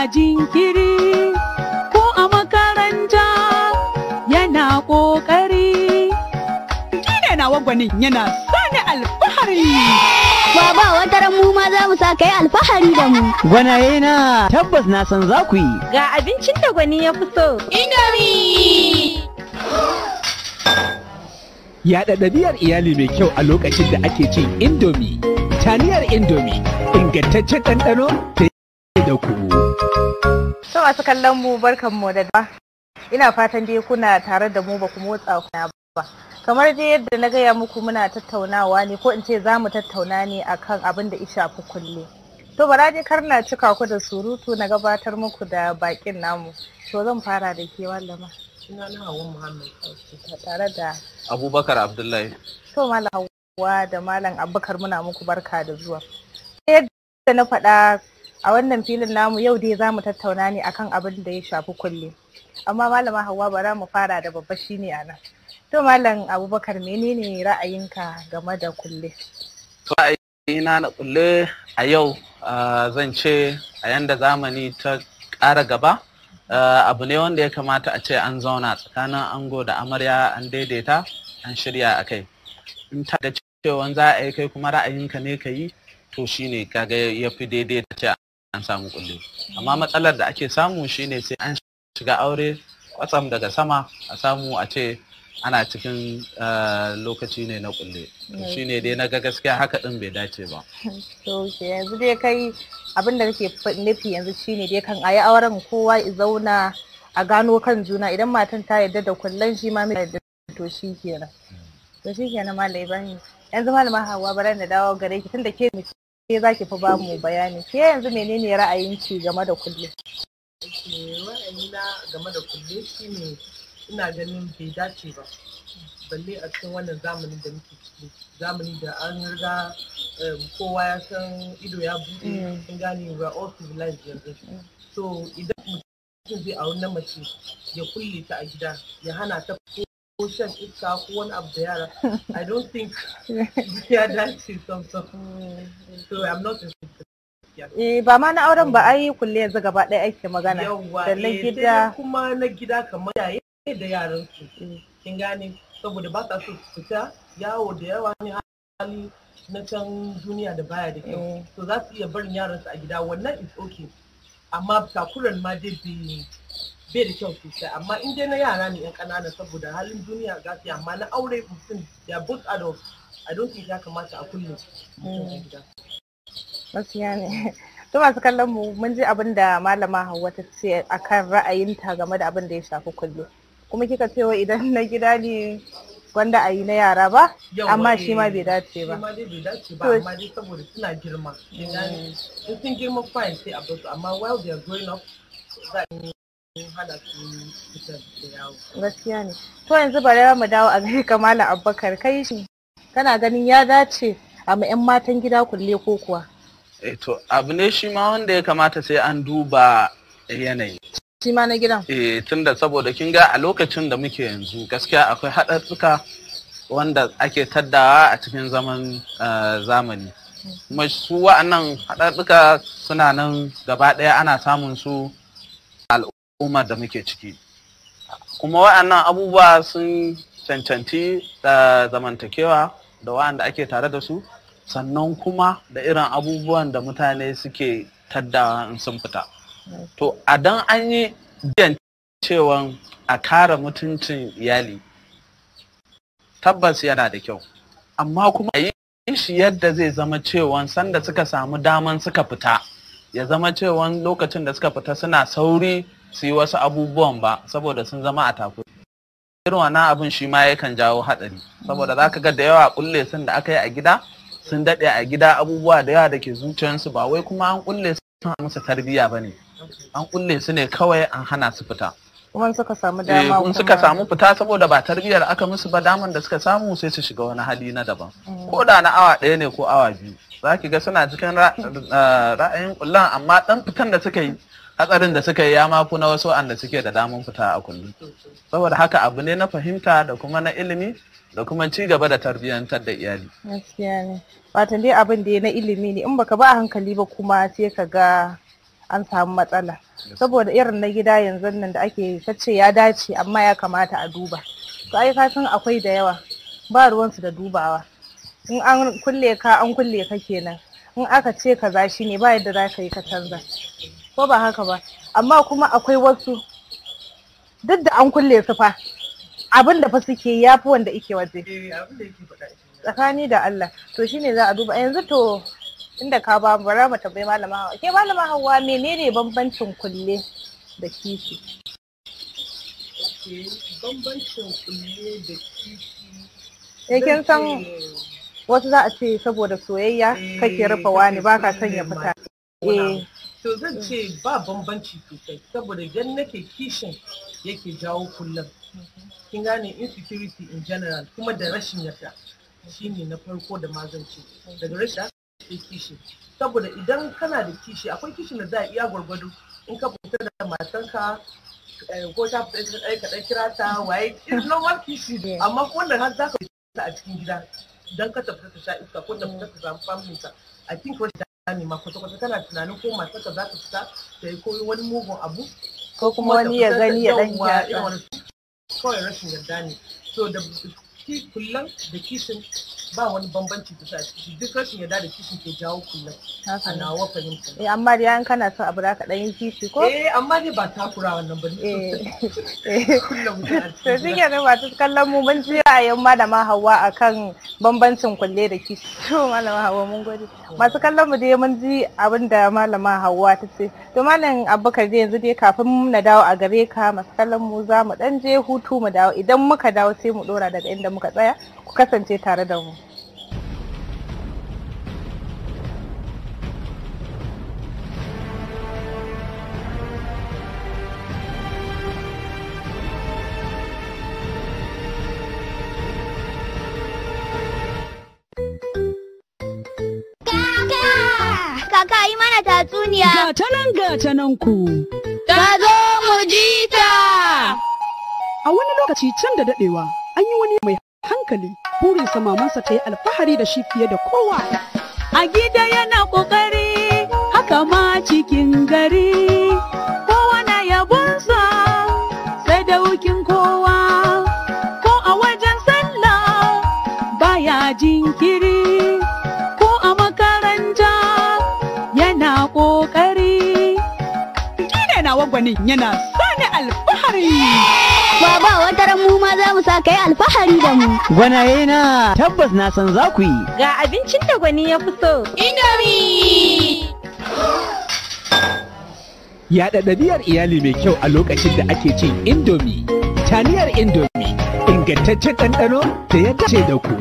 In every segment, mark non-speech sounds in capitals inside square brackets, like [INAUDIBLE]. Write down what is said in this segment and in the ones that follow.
a jinkiri ko a makaranta yana ƙoƙari. Jine na wagwanin yana sani alfahari. Baba wata ran mu ma za mu sa kai alfahari da mu. Gwanaye na tabbas na san za ku yi. Ga abincin da gwani ya fi so. Indomi. Yaɗa ɗabi'ar iyali mai kyau a lokacin da ake cin indomi. Taliyar indomi ingantaccen ɗanɗano da masu kallon mu barkan mu da Ina fatan dai kuna tare da mu ba ku motsa kuna ba. Kamar dai yadda na gaya muku muna tattaunawa ne ko in ce za mu tattauna ne akan abin da isha ku kulle. To bara dai kar na cika ku da surutu na gabatar muku da bakin namu. To zan fara da ke wallama. Ina na Muhammad tare da Abubakar Abdullahi. To Malam Hawwa da Malam Abubakar muna muku barka da zuwa. Yadda na faɗa a wannan filin namu yau dai za mu tattauna ne akan abin da ya shafi kulle amma malama hawa za mu fara da babba shine a nan to malam abubakar menene ra'ayinka game da kulle to ra'ayina na kulle a yau zan ce a yanda zamani ta ƙara gaba abu ne wanda ya kamata a ce an zauna tsakanin ango da amarya an daidaita an shirya a kai in ta da cewa za a yi kai kuma ra'ayinka ne ka yi to shine kaga ya fi daidaita ta an samu kulle amma matsalar da ake samu shine sai an shiga aure kwatsam daga sama a samu a ce ana cikin eh, lokaci ne na kulle ne dai na ga gaskiya haka din bai dace ba [LAUGHS] to yanzu dai kai abin da kake nufi yanzu shine dai kan ayi auren kowa ya zauna a gano kan juna idan matan ta yarda da kullen shi ma yarda to shi kenan to shi kenan malai bani yanzu malama hawa bara na dawo gare ki tunda ke mace ke za ki fi ba mu bayani ke yanzu menene ra'ayinki game da kulle eh, ra'ayina game da kulle shine ina ganin bai dace ba balle a cikin wannan zamani da muke ciki zamani da an riga eh, kowa ya san ido ya buɗe sun mm. gane we are all civilized yanzu mm. so idan mutum zai a wannan mace ya kulle ta a gida ya hana ta ocean itself, ko wani abu da i don't think ya dace samsam so i'm not interested Eh ba ma na auren ba ai kulle yanzu gaba ɗaya ake magana da na eh, gida kuma na gida kamar yaye da yaran su mm. kin gane saboda ba sa so su fita yawo da yawa ne hali na can duniya da baya da kyau mm. to za su iya barin su a gida wannan is okay amma takuran ma dai bai da kyau sosai amma in dai na yara ne yan ƙanana saboda halin duniya gafi amma na aure mutum da bus adults i don't think ya kamata a kullum gida gaskiya ne to masu kallon mu mun ji abin da malama Hauwa ta ce akan ra'ayinta game da abin da ya shafi kullum kuma kika cewa idan na gida ne gwanda a yi na yara ba amma shi ma eh, bai dace ba amma dai saboda suna girma in mm. sun girma fine sai a amma while they are growing up Eh, gaskiya ne to yanzu bari mu dawo a gari kamala abubakar kai shi kana ganin ya dace a yan matan gida kulle ko kuwa eh to abu ne shi ma wanda ya kamata sai an duba yanayi shi ma na gidan eh tunda saboda kin ga a lokacin da muke yanzu gaskiya akwai haɗarɗuka wanda ake taddawa a cikin zaman eh, zamani hmm. kuma su wa'annan haɗatsuka suna nan gaba ɗaya ana samun su umar da muke ciki kuma wa'annan abubuwa sun cancanci da eh, zamantakewa da wa'anda ake tare da su sannan kuma da irin abubuwan da mutane suke taddawa in sun fita to a dan an yi biyan cewan a kare mutuncin iyali tabbas yana da kyau amma kuma yi shi yadda zai zama cewa sanda suka samu daman suka fita ya zama cewan lokacin da suka fita suna sauri su yi wasu abubuwan ba saboda sun zama a taku irin wannan abin shi ma yakan jawo hatsari saboda za ka ga da yawa kulle sun da aka yi a gida sun daɗe a gida abubuwa da yawa da ke zuciyarsu ba wai kuma an kulle su sun musu tarbiyya ba ne an kulle su ne kawai an hana su fita kuma suka samu dama eh, kuma suka samu fita saboda ba tarbiyyar aka musu ba daman da suka samu sai su shiga wani hali na daban mm. ko da na awa ɗaya ne ko awa biyu za ki ga suna cikin eh, ra'ayin kullan amma dan fitan da suka yi hatsarin da suka yi ya mafi na wasu wanda suke da damun fita a kullum saboda haka abu ne na fahimta da kuma na ilimi da kuma ci gaba da tarbiyyantar da iyali gaskiya ne watan dai abin da na ilimi ne in baka ba a hankali ba kuma sai ka ga an samu matsala saboda irin na gida yanzu nan da ake kace ya dace amma ya kamata a duba to ai ka san akwai da yawa ba ruwansu da dubawa in an kulle ka an kulle ka kenan in aka ce ka za shi ne, ba yadda za ka yi ka canza ko ba haka ba amma kuma akwai wasu duk da an kulle su fa abin da fa suke ya fi wanda ike waje eh, tsakani da Allah to shine za a duba yanzu to inda ka ba bara mu tambayi malama hawa ke malama hawa menene bambancin kulle da kishi bambancin kulle eh, san wasu za a ce saboda soyayya kake eh, rufa wani baka son ya fita eh to zan ce ba bambanci sosai saboda idan nake kishin yake jawo kullum kin gane insecurity in general kuma da rashin yarda shine na farko da ce daga rashin ke kishi saboda idan kana da kishi akwai kishin da za a iya gwargwado in ka fita da matanka eh, ko ta fita ɗaya kaɗan kira ta waye it's normal kishi amma ko da har za ka fita a cikin gida don ka tafi ta sha iska ko ta fita ta samu family ta a cikin kwanci kame ma kwata-kwata kana tunanin ko matarka za ta fita ta yi koyi wani mugun abu ko kuma wani ya gani ya dan ya kawai rashin yarda ne so da kullum da kisin ba wani bambanci ta shi duk rashin yarda da kishi ke jawo kullum a nawa fahimta eh amma dai kana son abu da ka dan yi kishi ko eh amma ne ba takura wannan ba eh. [LAUGHS] eh kullum to shi ke nan masu kallon mu mun ji ra'ayin malama Hauwa akan bambancin kulle da kishi [LAUGHS] to malama hawa mun gode masu kallon mu dai mun ji abin da malama Hauwa ta ce to malam Abubakar dai yanzu dai kafin na dawo a gare ka masu kallon mu za mu dan je hutu mu dawo idan muka dawo sai mu dora daga inda muka tsaya ku kasance tare da mu. Kaka yi mana tatsuniya. Gata nan gata nan ku. Ta zo mu ji ta. A wani lokaci can da daɗewa an yi wani mai hankali burinsa mamansa ta yi alfahari da shi fiye da kowa a gida yana kokari haka ma cikin gari kowa na yabonsa sai da wukin kowa ko a wajen sallah baya jinkiri ko a makaranta yana kokari gida na wagwanin yana sani alfahari Baba ba wata mu ma za mu sa kai alfahari da mu. Gwanaye na tabbas na san za ku yi. Ga abincin da gwani ya fi so. Indomie. Yaɗa ɗabi'ar iyali mai kyau a lokacin da ake cin indomi Taniyar indomi, ingantaccen ɗanɗano da ya dace da ku.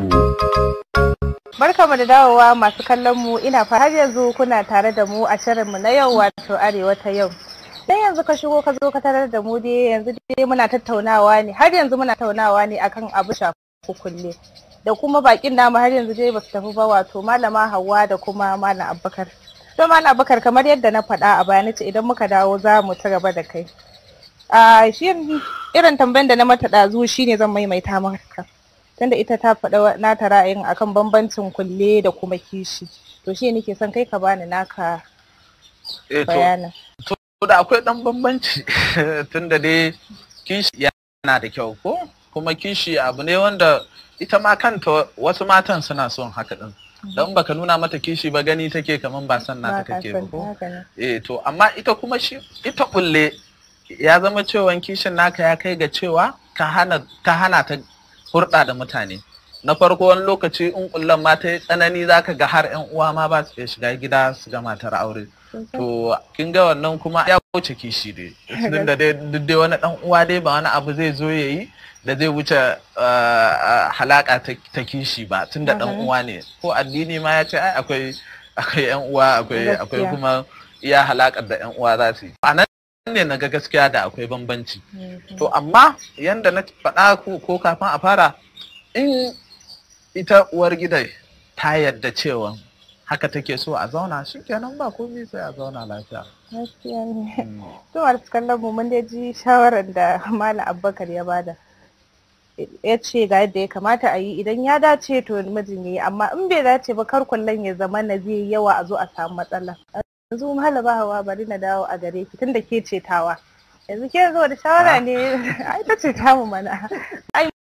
mu da dawowa masu kallon mu ina fara yanzu kuna tare da mu a shirinmu na yau wato Arewa ta yau. dai yanzu ka shigo ka zo ka tarar da mu dai yanzu dai muna tattaunawa ne har yanzu muna tattaunawa ne akan abu shafi kulle da kuma bakin namu har yanzu dai basu tafi ba wato malama Hauwa da kuma malam Abubakar to malam Abubakar kamar yadda na faɗa a bayan ce idan muka dawo za mu ci gaba da kai a shi irin tambayan da na mata ɗazu shine zan maimaita maka tunda ita ta faɗa nata ra'ayin akan bambancin kulle da kuma kishi to shi nake son kai ka bani naka eh bayanin da akwai ɗan bambanci [LAUGHS] tun da dai kishi yana da kyau ko kuma kishi abu ne wanda ita ma kanta wasu matan suna son haka ɗin mm-hmm. don baka nuna mata kishi ba gani take kaman ba san nata kake ba eh to amma ita kuma shi ita kulle ya zama cewa kishin naka ya kai ga cewa ka hana ta hana ta hurɗa da mutane na farko wani lokaci in kullan ma ta yi tsanani zaka ga har yan uwa ma ba su shiga gida su ga matar aure to kin ga wannan kuma ya wuce kishi dai tun da dai wani dan uwa dai ba wani abu zai zo ya yi da zai wuce ah, ah, halaka ta kishi ba tun da dan uwa ne ko addini ma ya ce ai akwai akwai yan uwa akwai akwai kuma iya halakar da yan uwa za su yi a nan ne na ga gaskiya da akwai bambanci to amma yanda na faɗa ko kafin a fara in ita uwar gidai ta yarda cewa haka take so a zauna shikenan ba komai sai a zauna lafiya gaskiya ne hmm. [LAUGHS] to a kallon mu mun ji shawarar da malam abubakar ya bada ya ce ga yadda ya kamata a yi idan ya dace to mijin ya yi amma in bai dace ba kar kullum ya zama na zai yawa a zo a samu matsala yanzu ba hawa bari na dawo a gare ki tunda ke cetawa. yanzu ke zo da shawara ne ah. ai ta ce mu mana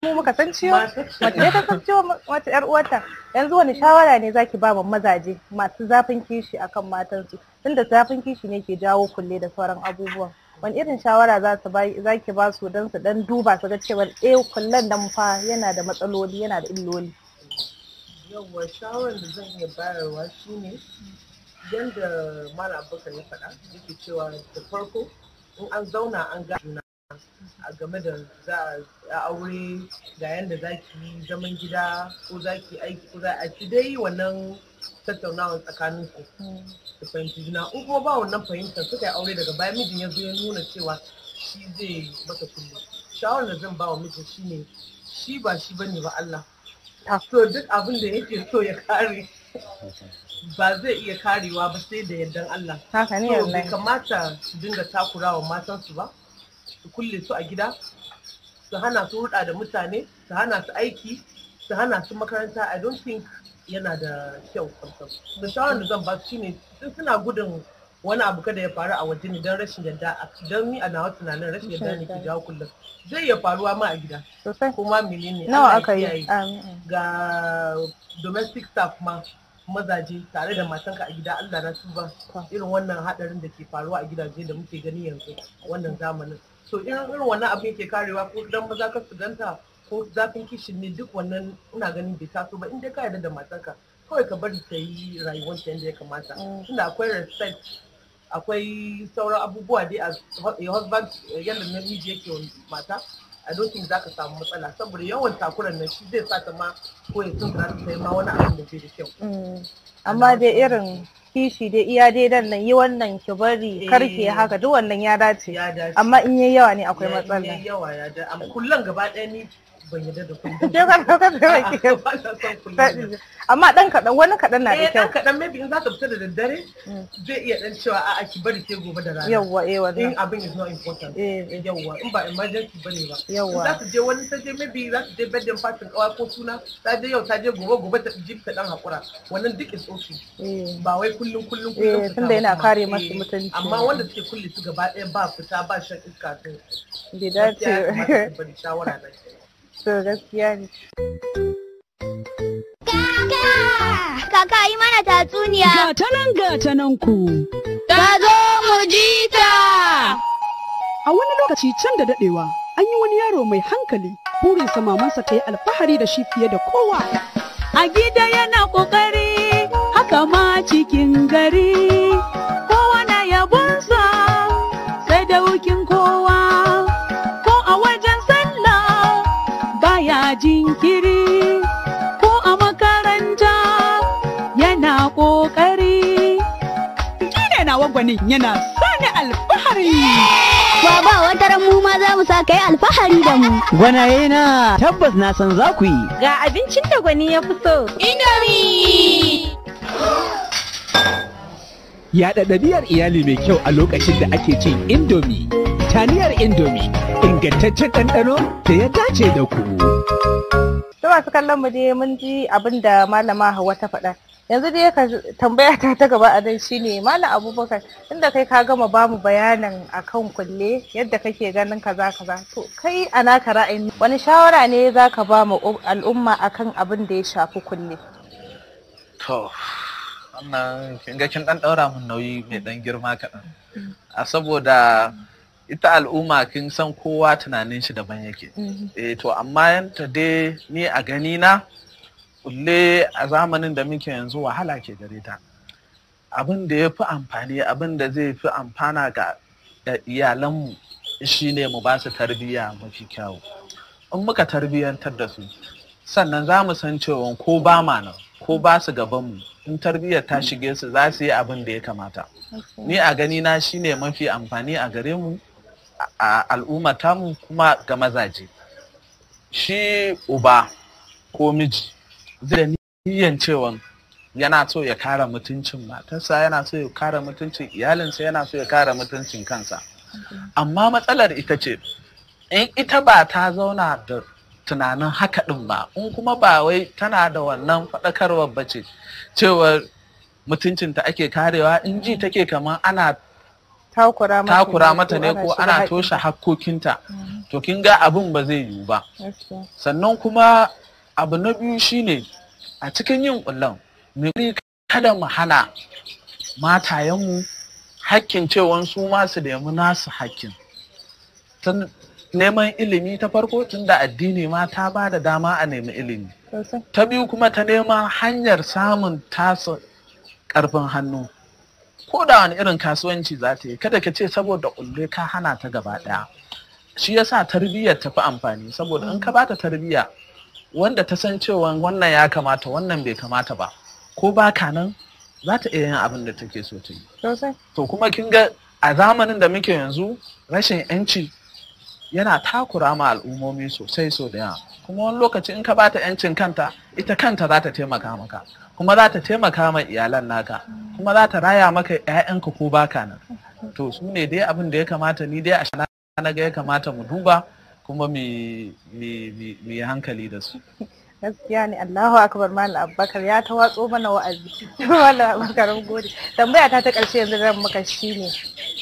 mu muka san ciwo mace ne san ciwo mace yar uwarta yanzu wani shawara ne zaki ba mu mazaje masu zafin kishi akan matan su tunda zafin kishi ne ke jawo kulle da sauran abubuwan wani irin shawara za su zaki ba su dan su dan duba su ga cewa eh kullen nan fa yana da matsaloli yana da illoli yawwa shawarar da zan iya bayarwa shine yadda mara abokan ya faɗa yake cewa da farko in an zauna an ga a game da za a aure ga yadda za ki yi zaman gida ko za ki aiki ko za a ci dai wannan tattaunawa tsakanin ku da fahimci juna in kuma ba wannan fahimtar suka yi aure daga baya mijin ya zo ya nuna cewa shi zai maka kullum shawarar da zan ba wa mijin shi ne, shi ba shi bane ba Allah so duk abin da yake so ya kare ba zai iya karewa ba sai da yardan Allah haka bai kamata su dinga takurawa matansu ba su kulle su a gida su hana su hulɗa da mutane su hana su aiki su hana su makaranta i don't think yana da kyau kwamfam da shawarar da zan ba su shine sun suna gudun wani abu kada ya faru a waje ne don rashin yadda don ni a nawa tunanin rashin yadda ne ke jawo kullum zai iya faruwa ma a gida kuma menene nawa aka yi ga domestic staff ma mazaje tare da matanka a gida Allah na ba irin wannan hadarin da ke faruwa a gidaje da muke gani yanzu a wannan zamanin so irin wannan abin ke karewa ko dan maza ka ganta ko zafin kishin ne duk wannan ina ganin bai taso ba in dai ka yarda da matarka kawai ka bari ta yi rayuwar ta yadda ya kamata mm. tunda akwai respect akwai sauran abubuwa dai a husband yadda miji yake mata a dokin za ka samu matsala saboda yawan takuran na shi zai sa ta ma ko ya sun za ta ma wani abin da ke da kyau mm. amma dai irin kishi dai iya dai dan nan yi wannan ki bari kar eh. haka duk wannan ya dace amma in yayi yawa ne akwai matsala yawa ya da amma kullun gaba ɗaya ni ban yadda da kullum. Ke zan ka zan [LAUGHS] Amma dan kadan wani kadan na da eh, kyau. Eh dan kadan maybe in za ka fita da daddare mm. zai iya dan cewa a'a ki bari sai gobe da rana. Yawwa eh wannan. In abin is not important. Eh. Eh, Yawwa in ba emergency bane ba. Yawwa. Za ta je wani ta je maybe za ta je bedroom party kawai ko suna ta je yau ta je gobe gobe ta jip ta dan hakura. Wannan duk is okay. Ba wai kullum kullum kullum. Eh tunda yana kare masu mutunci. Amma wanda suke kulle su gaba ɗaya ba fita ba shan iska to. Bai ban shawara na to gaskiya ne kaka yi mana tatsuniya gata nan gata nan ku ta zo mu ji ta a wani lokaci can da daɗewa an yi wani yaro mai hankali burinsa mamansa ta yi alfahari da shi fiye da kowa a gida yana ƙoƙari, haka ma cikin gari kowa na yabonsa sai da wukin kowa kamfanin yana sani alfahari. Baba wata ran mu ma za mu sa kai alfahari da mu. Gwanaye na tabbas na san za ku yi. Ga abincin da gwani ya fi so. Ya Yaɗa ɗabi'ar iyali mai kyau a lokacin da ake cin indomi Taniyar indomi, ingantaccen ɗanɗano da ya dace da ku. Zuwa su kallon mu dai mun ji abin da malama Hauwa ta faɗa. yanzu dai ka tambaya ta ta gaba a nan shine malam abubakar inda kai ka gama ba mu bayanin akan kulle yadda kake ganin kaza kaza to kai a naka ra'ayin wani shawara ne za ka ba mu al'umma akan abin da ya shafi kulle to wannan kin ga kin dan daura mun nauyi mai dan girma kaɗan mm-hmm. a saboda ita al'umma kin san kowa tunanin shi daban yake mm-hmm. eh to amma yanta dai ni a gani na kulle a zamanin da muke yanzu wahala ke gare ta abin da ya fi amfani abin da zai fi amfana ga iyalanmu shine mu ba su tarbiyya mafi kyau. in muka tarbiyyantar da su sannan za mu san cewa ko ba ma nan ko ba su gabanmu in tarbiyyar ta shige su za su yi abin da ya kamata ni a gani na shine mafi amfani a gare mu a al'ummata kuma ga mazaje shi uba ko miji zai niyyan cewa yana so ya kara mutuncin matarsa yana so ya kare mutuncin iyalinsa yana so ya kara mutuncin kansa amma matsalar ita ce in ita ba ta zauna da tunanin haka din ba in kuma ba wai tana da wannan faɗakarwar ba ce cewar mutuncinta ake karewa in ji take kamar ana takura mata ne ko ana toshe hakkokinta mm. to kin ga abin ba zai yiwu ba sannan kuma abu na biyu shine a cikin yin ƙullon mai kada mu hana mu hakkin cewa su ma su nemi nasu hakkin tun neman ilimi ta farko tun da addini ma ta ba da dama a nemi ilimi ta biyu kuma ta nema hanyar samun tasa ƙarfin hannu ko da wani irin kasuwanci za ta yi kada ka ce saboda ƙulle ka hana ta gaba ɗaya shi yasa tarbiyyar tafi amfani saboda in ka bata tarbiyya wanda ta san cewa wannan ya kamata wannan bai kamata ba ko ba ka nan za ta iya yin abin da take so ta yi to kuma kin ga a zamanin da muke yanzu rashin yanci yana takura ma al'ummomi sosai so da yawa kuma wani lokaci in ka bata yancin kanta ita kanta za ta taimaka maka kuma za ta taimaka ma iyalan naka kuma za ta raya maka 'ya'yanka ko baka nan to su ne dai abin da ya kamata ni dai a shana na ga ya kamata mu duba kuma mai hankali da su gaskiya ne Allahu akbar malam Abubakar ya ta watso mana wa'azi [LAUGHS] malam Abubakar gode tambaya ta ta karshe yanzu zan maka ne.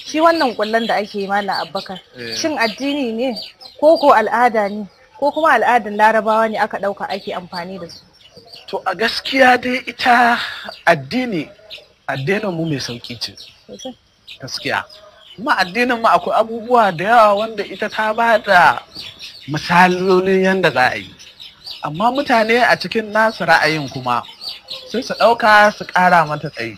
shi wannan kullan da ake yi malam Abubakar eh. shin addini ne ko ko al'ada ne ko kuma al'adan larabawa ne aka dauka ake amfani da su to a gaskiya dai ita addini addinin mu mai sauki ce gaskiya kuma addinin mu akwai abubuwa da yawa wanda ita ta ba da misalolin yadda za a yi amma mutane a cikin nasu ra'ayin kuma sai su ɗauka su ƙara mata tsayi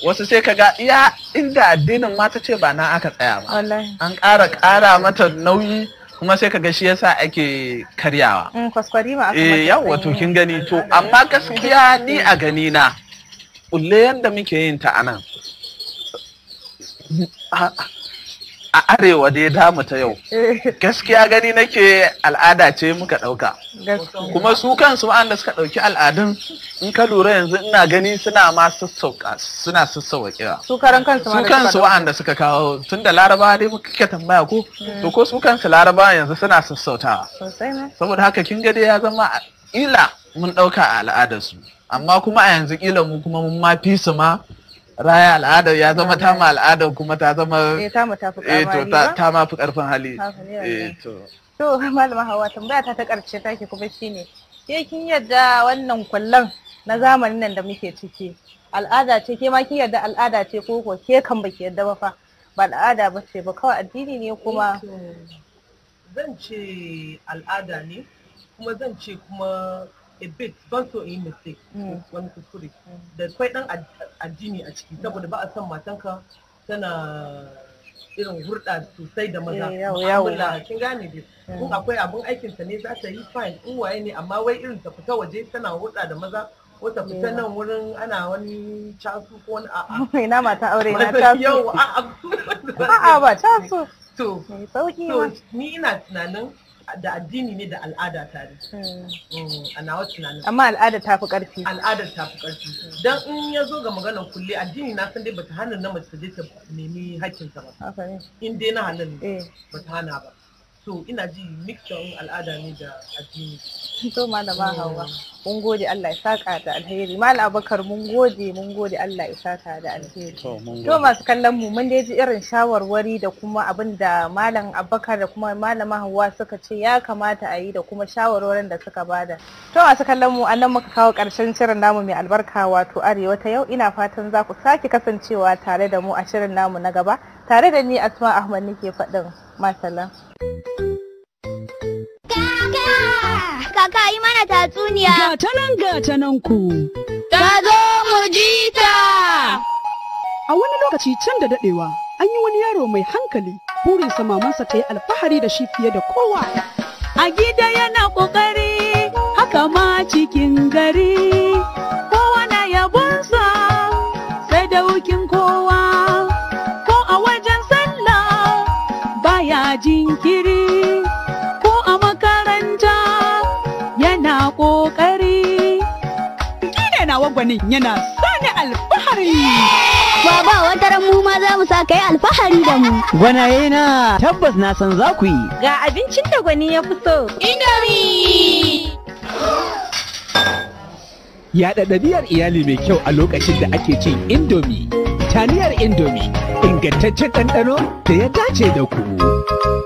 wasu sai ka iya inda addinin ma ta ce ba na aka tsaya ba an ƙara ƙara mata nauyi kuma sai ka ga shi yasa ake karyawa mm, eh yawa to kin gani to amma gaskiya ni a gani na kulle yadda muke yin ta anan a arewa dai damu ta yau eh. gaskiya gani nake al'ada ce muka ɗauka kuma su kansu wa'anda suka ɗauki al'adun in ka lura yanzu ina gani suna ma sassauka suna sassauƙewa su karan kansu su kansu wa'anda suka kawo tun da laraba dai muka kike tambaya ko hmm. to ko su kansu laraba yanzu suna sassautawa saboda haka kin ga dai ya zama ila mun ɗauka a al'adarsu amma kuma a yanzu kila mu kuma mun ma fi su ma raya al'ada ya zama ta ma al'ada kuma ta zama eh, ta ma ta fi karfin eh, hali ta ma fi eh, hali to malama hawa tambaya ta ta karshe take kuma shine ke kin yadda wannan kullun na zamanin nan da muke ciki al'ada ce ke ma kin yadda al'ada ce ko ko ke kan baki yadda ba fa ba al'ada ba ce ba kawai addini ne kuma zan ce al'ada ne kuma zan ce kuma a bit ban so in mistake hmm. wani kuskure hmm. da kwai dan addini a ciki saboda ba a san matanka tana irin hurɗa sosai da maza eh, yawa kin gane dai kun hmm. akwai abun aikinta ne za ta yi fine in waye ne amma wai irin ta fita waje tana hurɗa da maza ta fita nan wurin ana wani casu ko wani a'a [LAUGHS] ina mata aure na casu [LAUGHS] a'a ba casu to ni ina tunanin da addini ne da al'ada tare hmm. mm, a nawa tunanin amma al'ada ta fi karfi al'ada ta fi karfi Don in ya zo ga maganar kulle addini na san dai bata hana na mace ta je ta nemi hakkinta ta ba in dai na hannun ne eh. bata hana ba so ina ji mixture al'ada ne da addini to malama eh. hawa mun gode Allah ya saka da alheri malam abakar mun gode mun gode Allah ya saka da alheri to masu kallon mu mun ji irin shawarwari da kuma abin da malam abakar da kuma malama hawa suka ce ya kamata a yi da kuma shawarwarin da suka bada to masu kallon mu anan muka kawo karshen shirin namu mai albarka wato arewa ta yau ina fatan za ku sake kasancewa tare da mu a shirin namu na gaba tare da ni asma ahmad nake faɗin you kaka yi mana tatsuniya. Gata nan gata nan ku. Ta zo mu ji ta. A wani lokaci can da daɗewa an yi wani yaro mai hankali burinsa mamansa ta yi alfahari da shi fiye da kowa. A gida yana ƙoƙari haka ma cikin gari. ƙoƙari. Ni nawa gwanin yana sani alfahari. Baba wata ran mu ma za mu sa kai alfahari da mu. Gwanaye na tabbas na san za ku yi. Ga abincin da gwani ya fi so. Ya Yaɗa ɗabi'ar iyali mai kyau a lokacin da ake cin indomi Taniyar indomi, ingantaccen ɗanɗano da ya dace da ku.